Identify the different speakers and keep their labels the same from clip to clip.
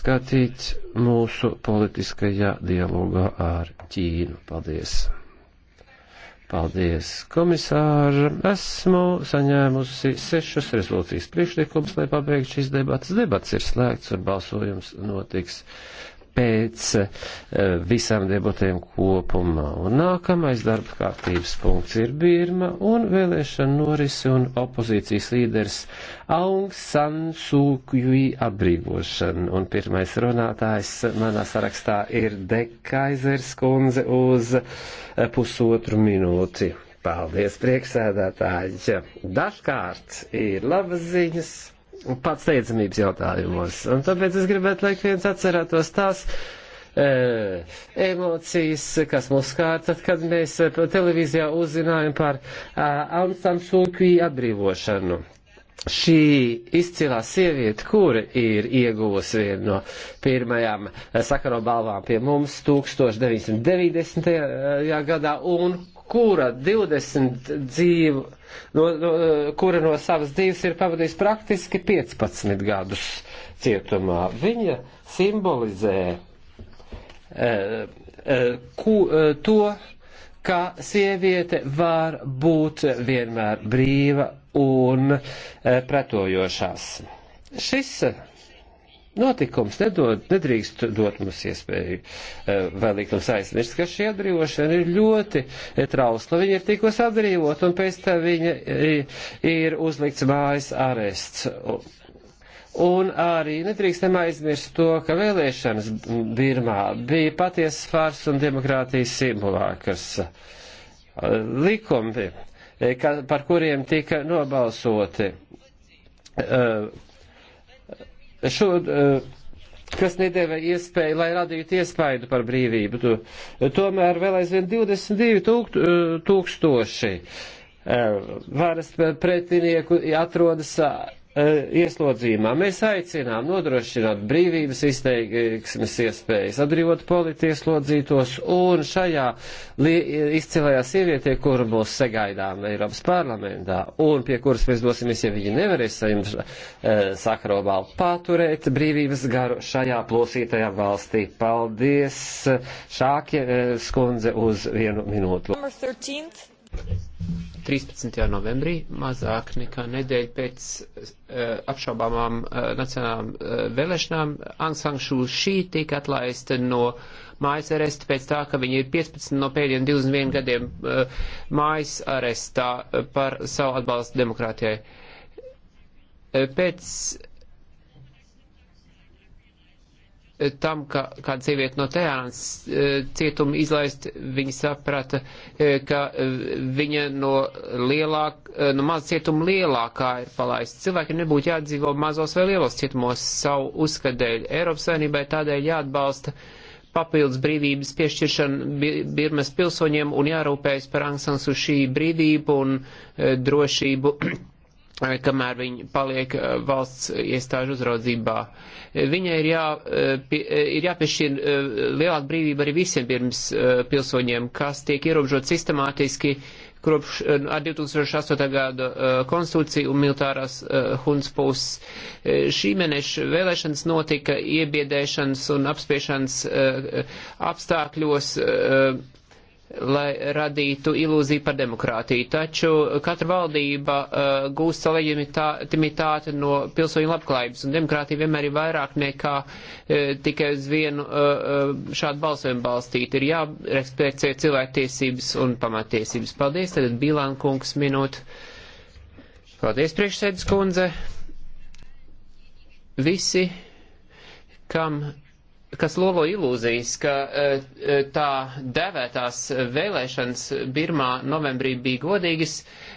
Speaker 1: skatīts mūsu politiskajā dialogā ar Ķīnu. Paldies! Paldies, komisāra! Esmu saņēmusi sešas rezolūcijas priekšlikums, lai pabeigtu šīs debatas. Debats ir slēgts un balsojums notiks pēc eh, visām debatēm kopumā. Un nākamais darba kārtības punkts ir Birma un vēlēšana norisi un opozīcijas līderis Aung San Suu Kyi atbrīvošana. Un pirmais runātājs manā sarakstā ir Dekaizers kundze uz eh, pusotru minūti. Paldies, priekšsēdētāji! Dažkārt ir labas ziņas pats steidzamības jautājumos. Un tāpēc es gribētu, lai viens atcerētos tās e, emocijas, kas mūs skārta, kad mēs e, televīzijā uzzinājām par e, Amstam Sūkvī atbrīvošanu šī izcilā sieviete, kura ir ieguvusi vienu no pirmajām e, sakaro balvām pie mums 1990. gadā un kura 20 dzīvu, no, no, kura no savas dzīves ir pavadījis praktiski 15 gadus cietumā. Viņa simbolizē e, e, ku, e, to, ka sieviete var būt vienmēr brīva un e, pretojošās. Šis notikums nedod, nedrīkst dot mums iespēju eh, vēlīgums aizmirst, ka šī atbrīvošana ir ļoti trausla. Viņa ir tikos atbrīvot, un pēc tam viņa eh, ir uzlikts mājas arests. Un arī nedrīkstam aizmirst to, ka vēlēšanas Birmā bija patiesas fārs un demokrātijas simulākars. Eh, likumi, par kuriem tika nobalsoti, šo, eh, kas nedēva iespēju, lai radītu iespaidu par brīvību. Tomēr vēl aizvien 22 tūkst, eh, tūkstoši eh, varas pretinieku atrodas E, ieslodzījumā. Mēs aicinām nodrošināt brīvības izteiksmes iespējas, atbrīvot politi ieslodzītos, un šajā izcilajā sievietē, kuru mūs sagaidām Eiropas parlamentā, un pie kuras mēs dosimies, ja viņi nevarēs saņemt e, sakrobālu paturēt brīvības garu šajā plosītajā valstī. Paldies, Šākie e, skundze, uz vienu
Speaker 2: minūtu. 13. novembrī, mazāk nekā nedēļa pēc uh, apšaubāmām uh, nacionālām uh, vēlēšanām, Ansangšu šī tika atlaista no mājas aresta pēc tā, ka viņi ir 15 no pēdējiem 21 gadiem uh, mājas arestā par savu atbalstu demokrātijai. Uh, pēc tam, ka kāda sieviete no Tehānas e, cietuma izlaist, viņa saprata, e, ka e, viņa no, lielāk, no maz cietuma lielākā ir palaista. Cilvēki nebūtu jādzīvo mazos vai lielos cietumos savu uzskatēļ. Eiropas savinībai tādēļ jāatbalsta papildus brīvības piešķiršana Birmas pilsoņiem un jārūpējas par Aung San Suu Kyi brīvību un drošību kamēr viņi paliek eh, valsts iestāžu uzraudzībā. Eh, viņai ir, jā, eh, ir jāpiešķir lielāka brīvība arī visiem pirms pilsoņiem, kas tiek ierobežot sistemātiski kopš ar 2008. gada konstitūciju un militārās huns puses. Šī mēneša vēlēšanas notika iebiedēšanas un apspiešanas apstākļos lai radītu ilūziju par demokrātiju. Taču katra valdība uh, gūst savu legitimitāti no pilsoņu labklājības, un demokrātija vienmēr ir vairāk nekā uh, tikai uz vienu uh, uh šādu balsojumu balstīt. Ir jārespektē cilvēktiesības un pamatiesības. Paldies, tad Bilan kungs minūte. Paldies, priekšsēdus kundze. Visi, kam kas lolo ilūzijas, ka eh, eh, tā devētās vēlēšanas Birmā novembrī bija godīgas,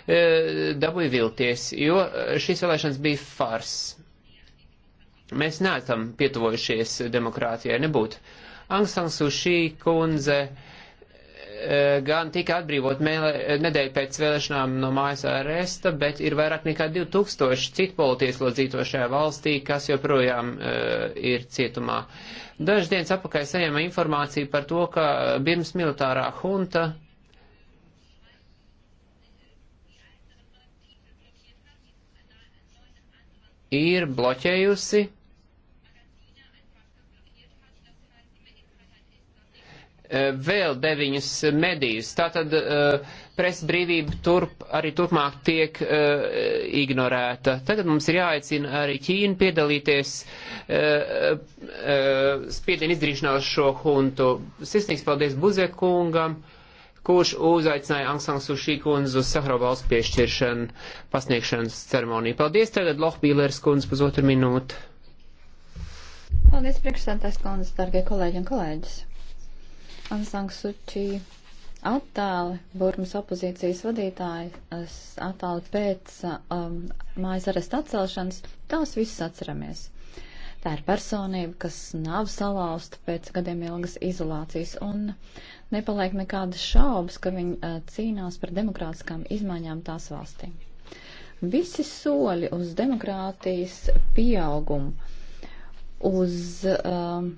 Speaker 2: eh, dabūja vilties, jo šīs vēlēšanas bija fars. Mēs neesam pietuvojušies demokrātijai, nebūtu. Aung San Suu Kyi kundze uh, E, gan tika atbrīvot nedēļu pēc vēlēšanām no mājas aresta, bet ir vairāk nekā 2000 citu politieslodzīto šajā valstī, kas joprojām uh, ir cietumā. Dažas dienas apakaļ saņēma informāciju par to, ka Birmas militārā hunta ir bloķējusi Eh, vēl deviņus medijus. Tātad eh, presa brīvība turp, arī turpmāk tiek eh, ignorēta. Tagad mums ir jāaicina arī Ķīna piedalīties spiedienu izdarīšanā uz šo huntu. Sirsnīgs paldies Buzekungam kurš uzaicināja Angsang Suši kundzu uz Sahara valsts piešķiršanu pasniegšanas ceremoniju. Paldies tagad Lohbīlers kundze pusotru minūtu.
Speaker 3: Paldies priekšsēdētājs kundze, dargie kolēģi un kolēģis. Aung San Suu Kyi attēli, Burmas opozīcijas vadītāji attēli pēc um, mājas aresta atcelšanas, tās visas atceramies. Tā ir personība, kas nav salauzta pēc gadiem ilgas izolācijas, un nepaliek nekādas šaubas, ka viņi uh, cīnās par demokrātiskām izmaiņām tās valstīm. Visi soļi uz demokrātijas pieaugumu uz um,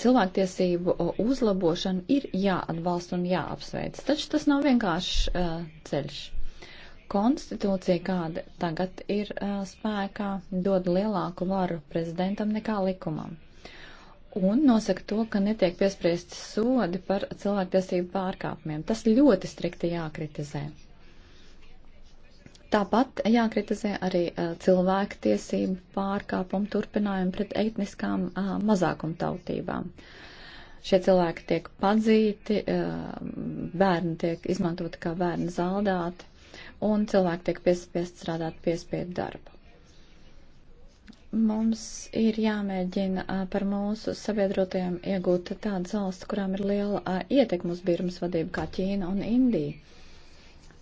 Speaker 3: cilvēktiesību uh, uzlabošanu ir jāatbalsta un jāapsveic. Taču tas nav vienkāršs uh, ceļš. Konstitūcija, kāda tagad ir uh, spēkā, dod lielāku varu prezidentam nekā likumam. Un nosaka to, ka netiek piespriesti sodi par cilvēktiesību pārkāpumiem. Tas ļoti strikti jākritizē. Tāpat jākritizē arī cilvēktiesību pārkāpumu turpinājumu pret etniskām mazākumtautībām. Šie cilvēki tiek padzīti, bērni tiek izmantoti kā bērni zaldāti, un cilvēki tiek piespiest strādāt piespiedu darbu. Mums ir jāmēģina par mūsu sabiedrotajiem iegūt tādas valsts, kurām ir liela ietekma uz Birmas vadību, kā Ķīna un Indija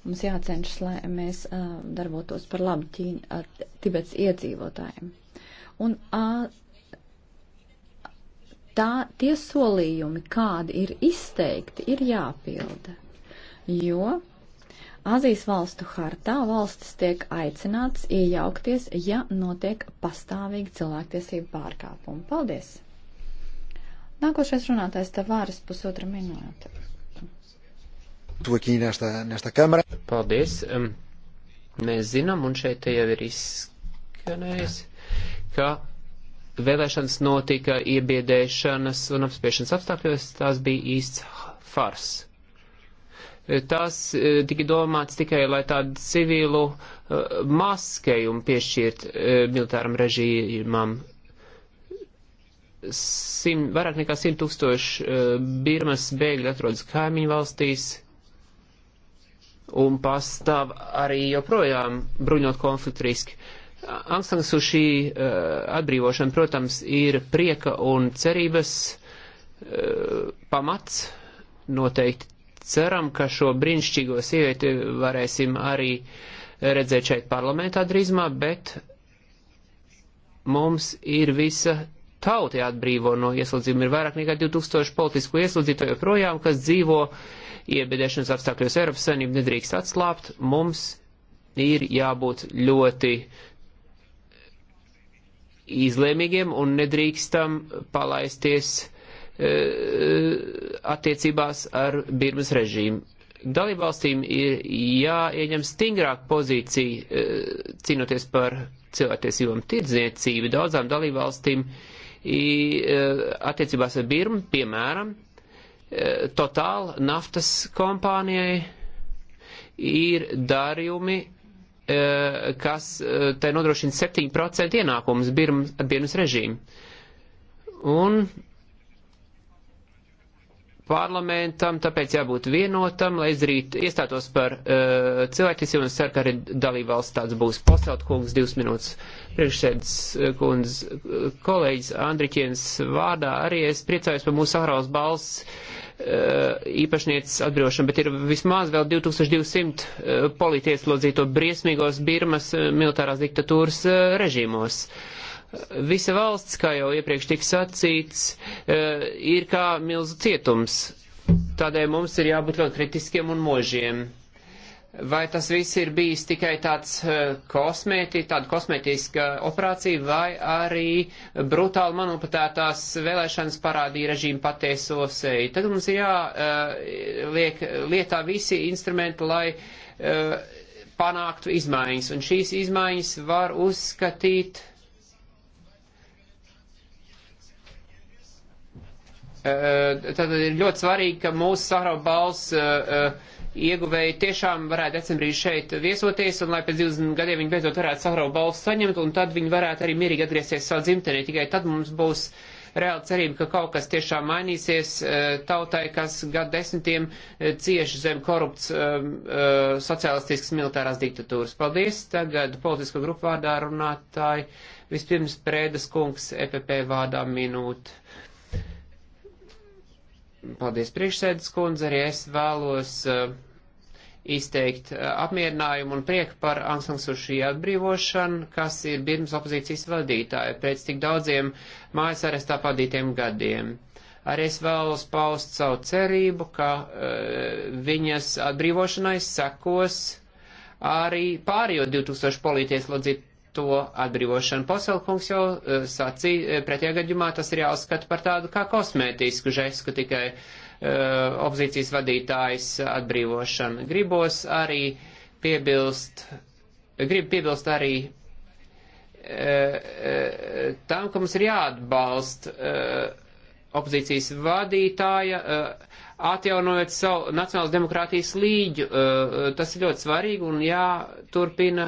Speaker 3: Mums jācenšas, lai mēs uh, darbotos par labu Ķīna, uh, Tibets iedzīvotājiem. Un uh, tā, tie solījumi, kādi ir izteikti, ir jāpilda. Jo Azijas valstu hartā valstis tiek aicināts iejaukties, ja notiek pastāvīgi cilvēktiesību pārkāpumi. Paldies! Nākošais runātājs tavāris pusotra minūte.
Speaker 2: Paldies. Mēs zinām, un šeit jau ir izskanējis, ka vēlēšanas notika iebiedēšanas un apspiešanas apstākļos, tās bija īsts fars. E, tās e, tika domāts tikai, lai tādu civilu e, maskējumu piešķirt militāram režīmam. Sim, vairāk nekā 100 tūkstoši Birmas bēgļi atrodas kaimiņu valstīs un pastāv arī joprojām bruņot konfliktu riski. Angsang Suši eh, atbrīvošana, protams, ir prieka un cerības eh, pamats. Noteikti ceram, ka šo brīnišķīgo sievieti varēsim arī redzēt šeit parlamentā drīzumā, bet mums ir visa tauta jāatbrīvo no ieslodzījuma. Ir vairāk nekā 2000 politisku ieslodzīto joprojām, kas dzīvo uh, iebedēšanas apstākļos Eiropas Savienību nedrīkst atslāpt, mums ir jābūt ļoti izlēmīgiem un nedrīkstam palaisties e, attiecībās ar Birmas režīmu. Dalībvalstīm ir jāieņem stingrāk pozīcija e, cīnoties par cilvēktiesībām tirdzniecību. Daudzām dalībvalstīm e, attiecībās ar Birmu, piemēram, Total naftas kompānijai ir darījumi, e, kas e, tai nodrošina 7% ienākumus Birmas režīmu. Un parlamentam, tāpēc jābūt vienotam, lai izdarītu, iestātos par uh, cilvēktiesību un ceru, ka arī dalībvalsts tāds būs. Postelt kungs divas minūtes priekšsēdus uh, kundz uh, kolēģis Andriķiens vārdā. Arī es priecājos par mūsu Saharaus balss uh, īpašnieces atbrīvošanu, bet ir vismaz vēl 2200 uh, politieslodzīto briesmīgos Birmas uh, militārās diktatūras uh, režīmos. Uh, Visa valsts, kā jau iepriekš tika sacīts, eh, ir kā milzu cietums. Tādēļ mums ir jābūt ļoti kritiskiem un možiem. Vai tas viss ir bijis tikai tāds eh, kosmēti, tāda kosmētiska operācija, vai arī brutāli manupatētās vēlēšanas parādīja režīmu patieso seju? Tad mums ir jāliek eh, lietā visi instrumenti, lai panāktu izmaiņas, un šīs izmaiņas var uzskatīt Tātad eh, eh, ir ļoti svarīgi, ka mūsu Sahara balss eh, ieguvēji tiešām varētu decembrī šeit viesoties, un lai pēc 20 gadiem viņi beidzot varētu Sahara balss saņemt, un tad viņi varētu arī mierīgi atgriezties savā dzimtenē. Tikai tad mums būs reāla cerība, ka kaut kas tiešām mainīsies tautai, kas gadu desmitiem cieši zem korupts sociālistiskas militārās diktatūras. Paldies! Tagad politisko grupu vārdā runātāji. Vispirms Prēdas kungs EPP vārdā minūte. Paldies, priekšsēdus kundze, arī es vēlos uh, izteikt uh, apmierinājumu un prieku par Ansang Suši atbrīvošanu, kas ir Birmas opozīcijas vadītāja pēc tik daudziem mājas arestā padītiem gadiem. Arī es vēlos paust savu cerību, ka uh, viņas atbrīvošanai sekos arī pārējo 2000 politieslodzītu to atbrīvošanu. Poselkungs jau uh, sacīja, e, pretējā gadījumā tas ir jāuzskata par tādu kā kosmētisku žestu, ka tikai uh, opozīcijas vadītājs atbrīvošana. Gribos arī piebilst, gribu piebilst arī uh, uh, tam, ka mums ir jāatbalst uh, opozīcijas vadītāja. Uh, atjaunojot savu nacionālas demokrātijas līģu. Eh, tas ir ļoti svarīgi un jāturpina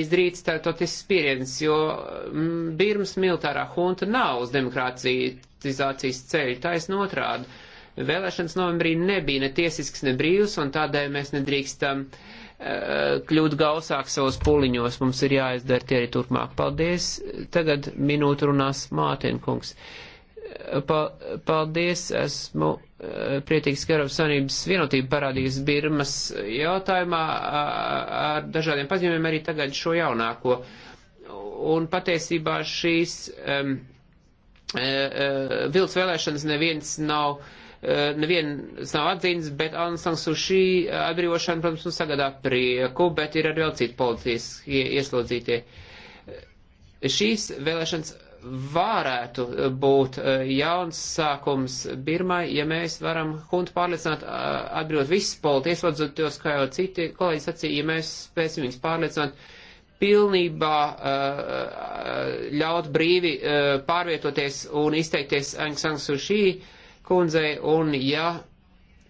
Speaker 2: izdarīt startotis spiediens, jo mm, Birmas militārā hunta nav uz demokrātizācijas ceļu, taisn otrādi. Vēlēšanas novembrī nebija ne tiesisks, ne brīvs, un tādēļ mēs nedrīkstam uh, kļūt gausāk savos puliņos, mums ir jāizdara tie arī turpmāk. Paldies! Tagad minūtu runās Mātienkungs. kungs. Pa, paldies, esmu eh, prietīgs, ka Eiropas Savienības vienotība parādījis Birmas jautājumā ar dažādiem paziņojumiem arī tagad šo jaunāko. Un patiesībā šīs um, vilts vēlēšanas neviens nav uh, e, nevienas nav atzīmes, bet Aung San Suu Kyi atbrīvošana, protams, mums sagadā prieku, bet ir arī vēl citi politiski ieslodzītie. Šīs vēlēšanas varētu būt eh, jauns sākums Birmai, ja mēs varam huntu pārliecināt, eh, atbrīvot visus politi ieslodzotos, kā jau citi kolēģi sacīja, ja mēs spēsim viņus pārliecināt, pilnībā eh, ļaut brīvi pārvietoties un izteikties Aung San Suu Kyi kundzei, un ja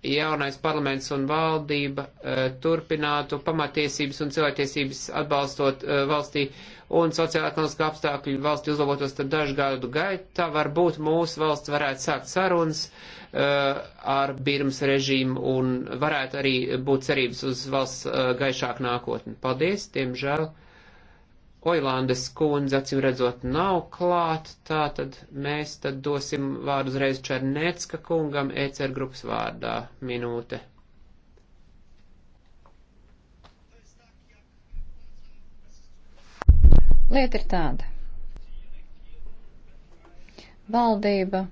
Speaker 2: jaunais parlaments un valdība e, turpinātu pamatiesības un cilvēktiesības atbalstot e, valstī un sociālāknoska apstākļi valstī uzlabotos, tad dažu gadu gaitā varbūt mūsu valsts varētu sākt sarunas e, ar Birmas režīmu un varētu arī būt cerības uz valsts gaišāku nākotni. Paldies, diemžēl. Oilandes kundze, acīm redzot, nav klāt, tā tad mēs tad dosim vārdu uzreiz Černecka kungam ECR grupas vārdā minūte.
Speaker 3: Lieta ir tāda. Valdība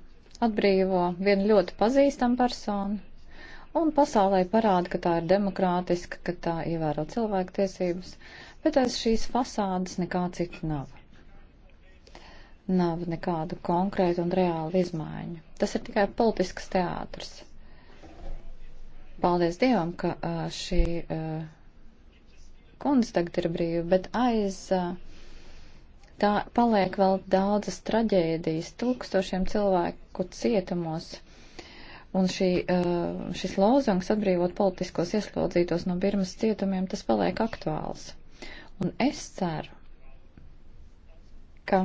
Speaker 3: atbrīvo vienu ļoti pazīstamu personu un pasaulē parāda, ka tā ir demokrātiska, ka tā ievēro cilvēku tiesības. Uh, bet aiz šīs fasādes nekā cita nav. Nav nekādu konkrētu un reālu izmaiņu. Tas ir tikai politisks teātris. Paldies Dievam, ka šī kundze tagad ir brīva, bet aiz tā paliek vēl daudzas traģēdijas, tūkstošiem cilvēku cietumos. Un šī, šis lozungs atbrīvot politiskos ieslodzītos no Birmas cietumiem, tas paliek aktuāls. Un es ceru, ka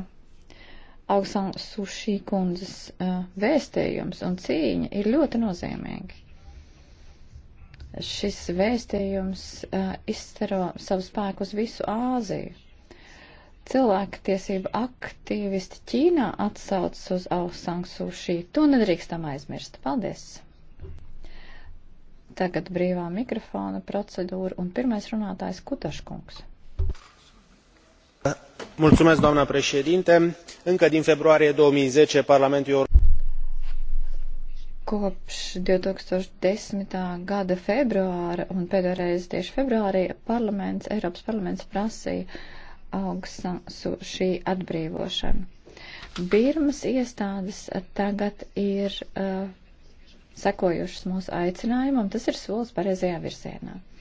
Speaker 3: Augsan Sušī kundzes uh, vēstījums un cīņa ir ļoti nozīmīgi. Šis vēstījums uh, izcero savu spēku uz visu Āziju. Cilvēktiesība aktīvisti Ķīnā atsaucas uz Augsan Sušī. To nedrīkstam aizmirst. Paldies! Tagad brīvā mikrofona procedūra un pirmais runātājs Kutaškungs
Speaker 2: încă din februarie două mii zece parlamentul european
Speaker 3: Kopš 2010. gada februāra un pēdējo reizi tieši februārī parlaments, Eiropas parlaments prasīja augstu šī atbrīvošanu. Birmas iestādes tagad ir uh, sekojušas mūsu aicinājumam, tas ir solis pareizajā virzienā. Uh,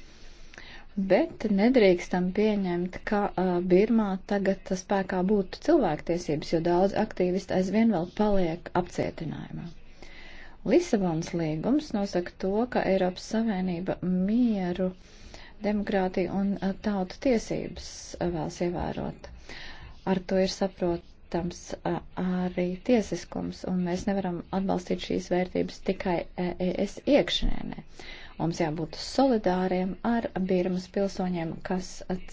Speaker 3: Bet nedrīkstam pieņemt, ka uh, Birmā tagad spēkā būtu cilvēktiesības, jo daudz aktīvisti aizvien vēl paliek apcietinājumā. Lisabonas līgums nosaka to, ka Eiropas Savienība mieru, demokrātiju un uh, tautu tiesības uh, vēlas ievērot. Ar to ir saprotams uh, arī tiesiskums, un mēs nevaram atbalstīt šīs vērtības tikai uh, ES iekšēnē. Uh, Mums jābūt solidāriem ar Birmas pilsoņiem, kas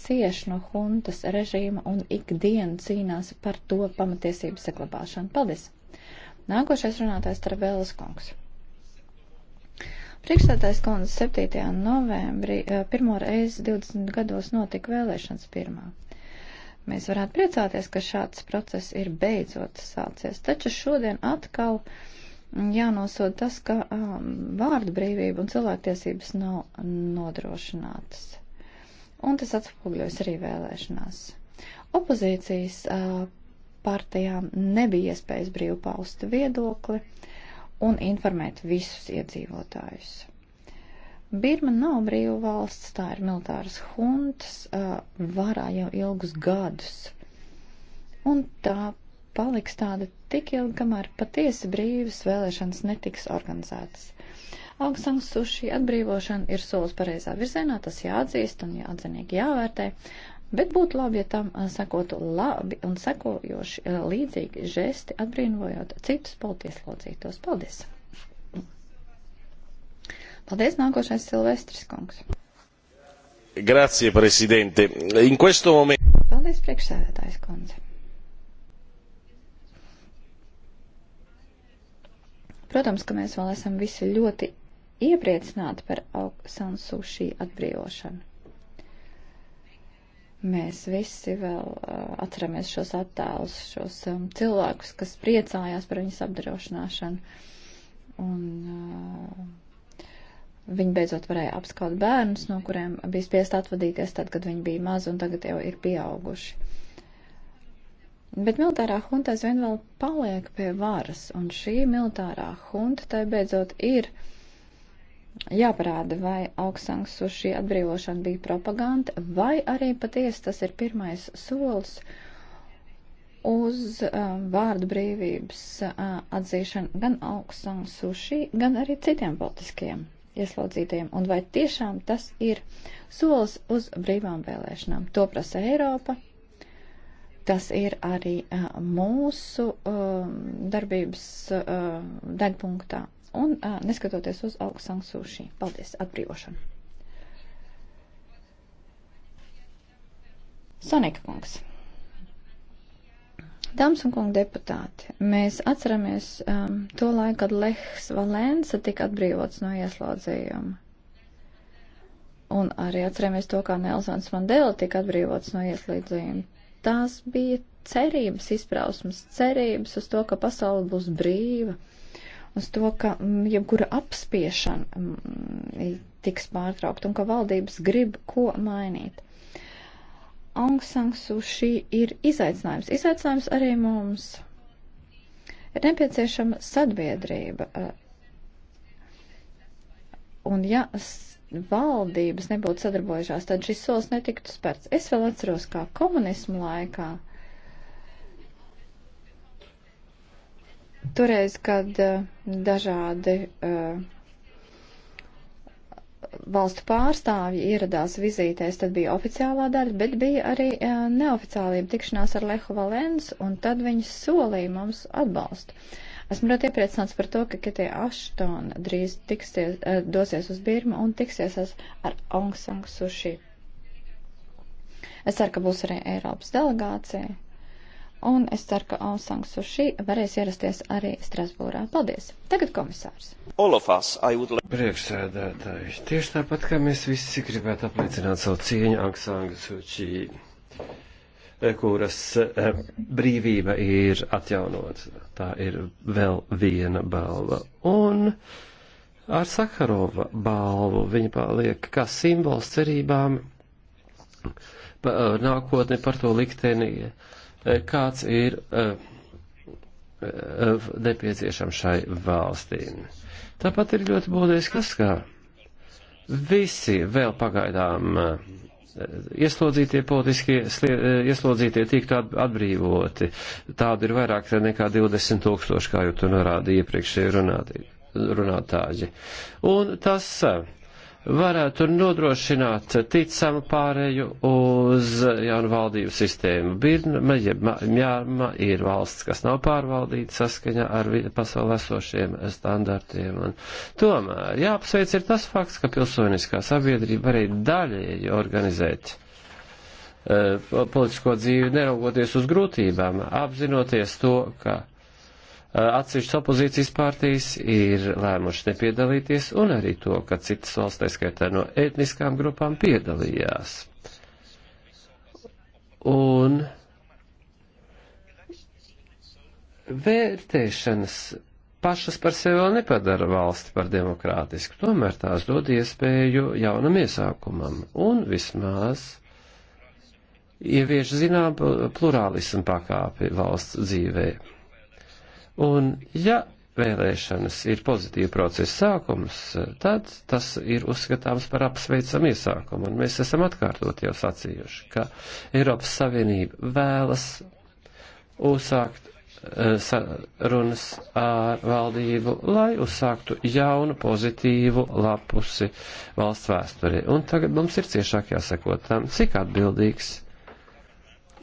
Speaker 3: cieš no huntas režīma un ikdienu cīnās par to pamatiesību saglabāšanu. Paldies! Nākošais runātājs Travēlis Kungs. Priekšstādājs kundze 7. novembrī eh, pirmo reizi 20 gados notika vēlēšanas pirmā. Mēs varētu priecāties, ka šāds process ir beidzot sācies, taču šodien atkal uh, jānosod tas, ka um, vārdu brīvība un cilvēktiesības nav nodrošinātas. Un tas atspoguļojas arī vēlēšanās. Opozīcijas uh, partijām nebija iespējas brīvi paust viedokli un informēt visus iedzīvotājus. Birma nav brīva valsts, tā ir militāras huntas, uh, varā jau ilgus gadus. Un tā paliks tāda tik ilgi, kamēr patiesi brīvas vēlēšanas netiks organizētas. Augstsangs suši atbrīvošana ir solis pareizā virzienā, tas jāatzīst un jāatzinīgi jāvērtē, bet būtu labi, ja tam sakotu labi un sekojoši līdzīgi žesti atbrīvojot citus politieslodzītos. Paldies! Paldies, nākošais Silvestris
Speaker 1: kungs! Grazie, prezidente! In questo momento...
Speaker 3: Paldies, priekšsēdētājs kundze! Protams, ka mēs vēl esam visi ļoti iepriecināti par Auksansu šī atbrīvošanu. Mēs visi vēl uh, atceramies šos attēlus, šos um, cilvēkus, kas priecājās par viņas apdrošināšanu. Un uh, viņi beidzot varēja apskaut bērnus, no kuriem bija spiest atvadīties tad, kad viņi bija mazi un tagad jau ir pieauguši. Bet militārā hunta aizvien vēl paliek pie varas, un šī militārā hunta tai beidzot ir jāparāda, vai augstsangs uz šī atbrīvošana bija propaganda, vai arī patiesi tas ir pirmais solis uz uh, vārdu brīvības uh, atzīšanu gan augstsangu suši, gan arī citiem politiskajiem ieslodzītajiem. Un vai tiešām tas ir solis uz brīvām vēlēšanām? To prasa Eiropa, Tas ir arī mūsu darbības degpunktā. Un neskatoties uz augstu sankciju, paldies, atbrīvošanu. Sonika kungs. Dāmas un kungi deputāti, mēs atceramies um, to laiku, kad Lehs Valensa tika atbrīvots no ieslodzījuma. Un arī atceramies to, kā Nelsons Mandela tika atbrīvots no ieslodzījuma. Tās bija cerības, izprausmas cerības uz to, ka pasaule būs brīva, uz to, ka mm, jebkura apspiešana mm, tiks pārtraukta un ka valdības grib ko mainīt. Aung San Suu Kyi ir izaicinājums. Izaicinājums arī mums. Ir nepieciešama sadbiedrība. Uh, un ja valdības nebūtu sadarbojušās, tad šis solis netiktu spērts. Es vēl atceros, kā komunismu laikā, toreiz, kad eh, dažādi uh, valstu pārstāvji ieradās vizītēs, tad bija oficiālā daļa, bet bija arī uh, neoficiālība tikšanās ar Lehu Valens, un tad viņi solīja mums atbalstu. Uh, Esmu ļoti iepriecināts par to, ka Ketija Aštona drīz tiksies, eh, dosies uz Birmu un tiksies ar Aung San Suu Kyi. Es ceru, ka būs arī Eiropas delegācija. Un es ceru, ka Aung San Suu Kyi varēs ierasties arī Strasbūrā. Paldies! Tagad komisārs.
Speaker 1: Olofās, would... Priekšsēdētāji, tieši tāpat kā mēs visi gribētu apliecināt savu cieņu Aung San Suu Kyi kuras eh, brīvība ir atjaunot. Tā ir vēl viena balva. Un ar Sakarova balvu viņa paliek kā simbols cerībām eh, nākotni par to likteni, eh, kāds ir nepieciešams šai valstīm. Tāpat ir ļoti būtiski tas, ka visi vēl pagaidām ieslodzītie politiskie eh, ieslodzītie tiktu atbrīvoti. Tāda ir vairāk nekā 20 tūkstoši, kā jau tu norādīji iepriekšēji runātāji. Un tas eh, varētu nodrošināt ticamu pārēju uz jaunu valdību sistēmu. Birma, jeb Mjārma ir valsts, kas nav pārvaldīta saskaņā ar pasaulē esošiem standartiem. Un tomēr jāapsveic ir tas fakts, ka pilsoniskā sabiedrība arī daļēji organizēt uh, politisko dzīvi, neraugoties uz grūtībām, apzinoties to, ka Eh, atsevišķas opozīcijas partijas ir lēmušas nepiedalīties, un arī to, ka citas valsts, tā skaitā no etniskām grupām, piedalījās. Un vērtēšanas pašas par sevi vēl nepadara valsti par demokrātisku, tomēr tās dod iespēju jaunam iesākumam, un vismaz ievieš zinām plurālismu pakāpi valsts dzīvē. Un ja vēlēšanas ir pozitīva procesa sākums, tad tas ir uzskatāms par apsveicam iesākumu. Un mēs esam atkārtot jau sacījuši, ka Eiropas Savienība vēlas uzsākt uh, eh, sarunas ar valdību, lai uzsāktu jaunu pozitīvu lapusi valsts vēsturē. Un tagad mums ir ciešāk jāseko tam, cik atbildīgs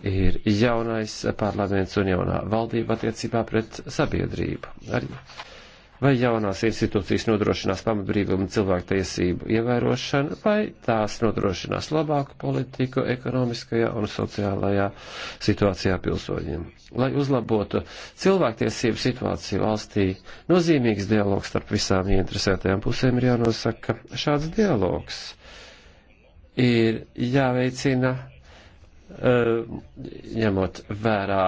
Speaker 1: ir jaunais parlaments un jaunā valdība attiecībā pret sabiedrību. Arī vai jaunās institūcijas nodrošinās pamatbrīvumu cilvēku tiesību ievērošanu, vai tās nodrošinās labāku politiku ekonomiskajā un sociālajā situācijā pilsoņiem. Lai uzlabotu cilvēktiesību situāciju valstī, nozīmīgs dialogs starp visām ieinteresētajām pusēm ir jānosaka. Šāds dialogs ir jāveicina ņemot vērā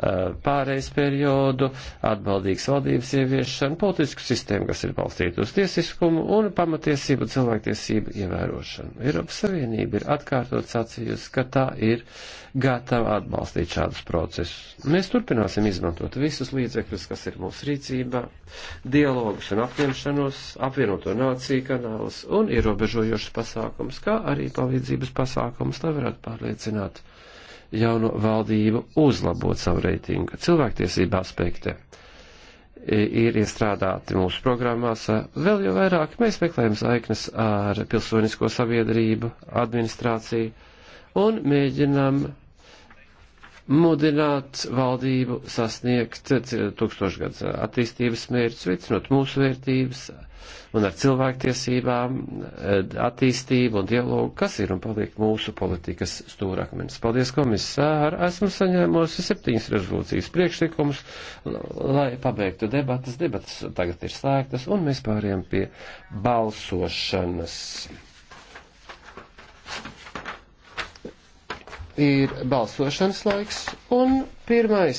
Speaker 1: Eh, pārejas periodu, atbaldīgas valdības ieviešanu, politisku sistēmu, kas ir balstīta uz tiesiskumu un pamatiesību cilvēktiesību ievērošanu. Eiropas Savienība ir atkārtot sacījusi, ka tā ir gatava atbalstīt šādus procesus. Mēs turpināsim izmantot visus līdzekļus, kas ir mūsu rīcībā, dialogus un apņemšanos, apvienoto nāciju kanālus un ierobežojošas pasākums, kā arī palīdzības pasākums, lai varētu pārliecināt jauno valdību uzlabot savu reitingu. Cilvēktiesība aspekte ir iestrādāti mūsu programmās. Vēl jau vairāk mēs meklējam saiknes ar pilsonisko sabiedrību, administrāciju un mēģinam mudināt valdību sasniegt tūkstošgads attīstības mērķus, veicinot mūsu vērtības un ar cilvēktiesībām eh, attīstību un dialogu, kas ir un paliek mūsu politikas stūrakmenis. Paldies, komisāri! Esmu saņēmusi septiņas rezolūcijas priekšlikumus, lai pabeigtu debatas. Debatas tagad ir slēgtas un mēs pāriem pie balsošanas. ir balsošanas laiks, un pirmais